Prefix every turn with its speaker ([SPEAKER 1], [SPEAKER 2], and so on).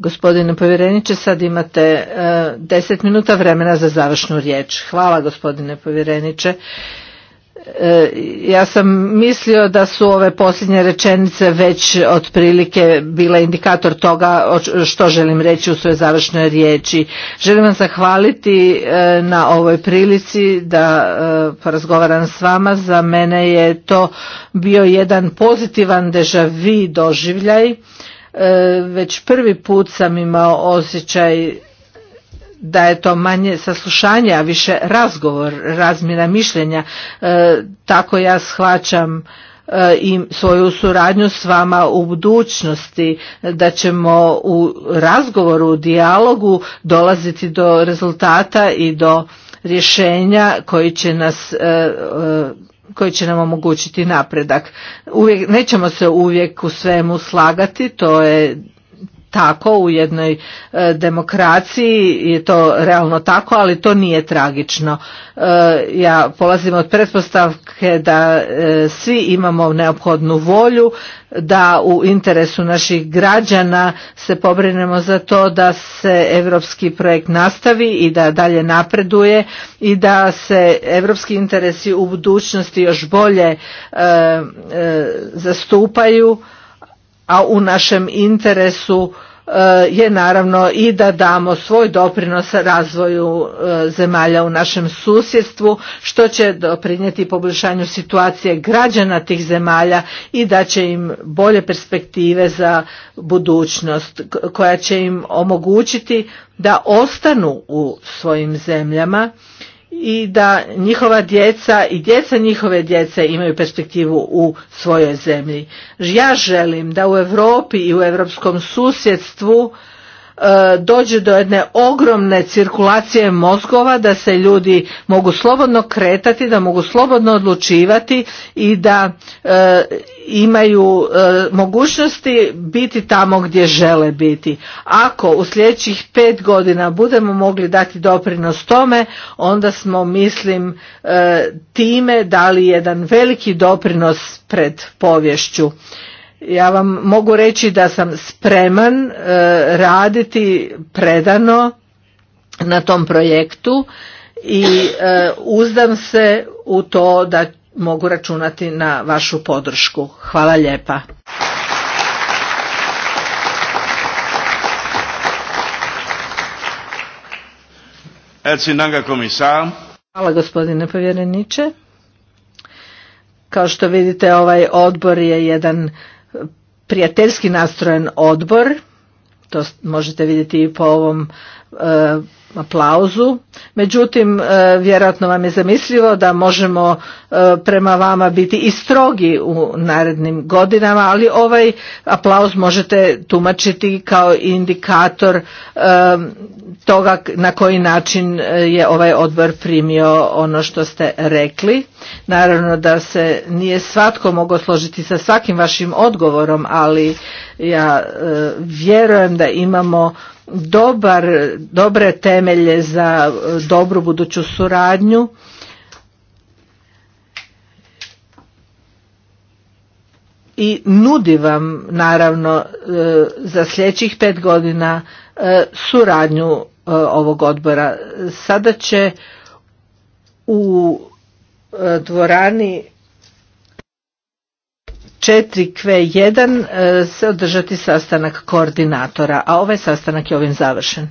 [SPEAKER 1] Gospodine povjereniče, sad imate e, deset minuta vremena za završnu riječ. Hvala gospodine povjereniče. E, ja sam mislio da su ove posljednje rečenice već otprilike bila indikator toga što želim reći u svojoj završnoj riječi. Želim vam zahvaliti e, na ovoj prilici da porazgovaram s vama. Za mene je to bio jedan pozitivan dežavi doživljaj E, već prvi put sam imao osjećaj da je to manje saslušanje, a više razgovor, razmjena mišljenja. E, tako ja shvaćam e, i svoju suradnju s vama u budućnosti, da ćemo u razgovoru, u dijalogu dolaziti do rezultata i do rješenja koji će nas koji će nam omogućiti napredak. Uvijek, nećemo se uvijek u svemu slagati, to je tako u jednoj e, demokraciji je to realno tako ali to nije tragično e, ja polazim od pretpostavke da e, svi imamo neophodnu volju da u interesu naših građana se pobrinemo za to da se europski projekt nastavi i da dalje napreduje i da se europski interesi u budućnosti još bolje zastupaju a u našem interesu e, je naravno i da damo svoj doprinos razvoju e, zemalja u našem susjedstvu što će doprinijeti poboljšanju situacije građana tih zemalja i da će im bolje perspektive za budućnost koja će im omogućiti da ostanu u svojim zemljama i da njihova djeca i djeca njihove djece imaju perspektivu u svojoj zemlji. Ja želim da u Europi i u europskom susjedstvu E, dođe do jedne ogromne cirkulacije mozgova da se ljudi mogu slobodno kretati da mogu slobodno odlučivati i da e, imaju e, mogućnosti biti tamo gdje žele biti ako u sljedećih pet godina budemo mogli dati doprinos tome onda smo mislim time dali jedan veliki doprinos pred povješću ja vam mogu reći da sam spreman e, raditi predano na tom projektu i e, uzdam se u to da mogu računati na vašu podršku. Hvala lijepa. Hvala gospodine povjereniče. Kao što vidite ovaj odbor je jedan prijateljski nastrojen odbor, to možete vidjeti i po ovom e, aplauzu. Međutim, e, vjerojatno vam je zamislivo da možemo e, prema vama biti i strogi u narednim godinama, ali ovaj aplauz možete tumačiti kao indikator e, toga na koji način je ovaj odbor primio ono što ste rekli. Naravno da se nije svatko mogao složiti sa svakim vašim odgovorom, ali ja vjerujem da imamo dobar, dobre temelje za e, dobru buduću suradnju. i nudi vam naravno e, za sljedećih pet godina e, suradnju ovog odbora. Sada će u dvorani 4Q1 e, se održati sastanak koordinatora, a ovaj sastanak je ovim završen.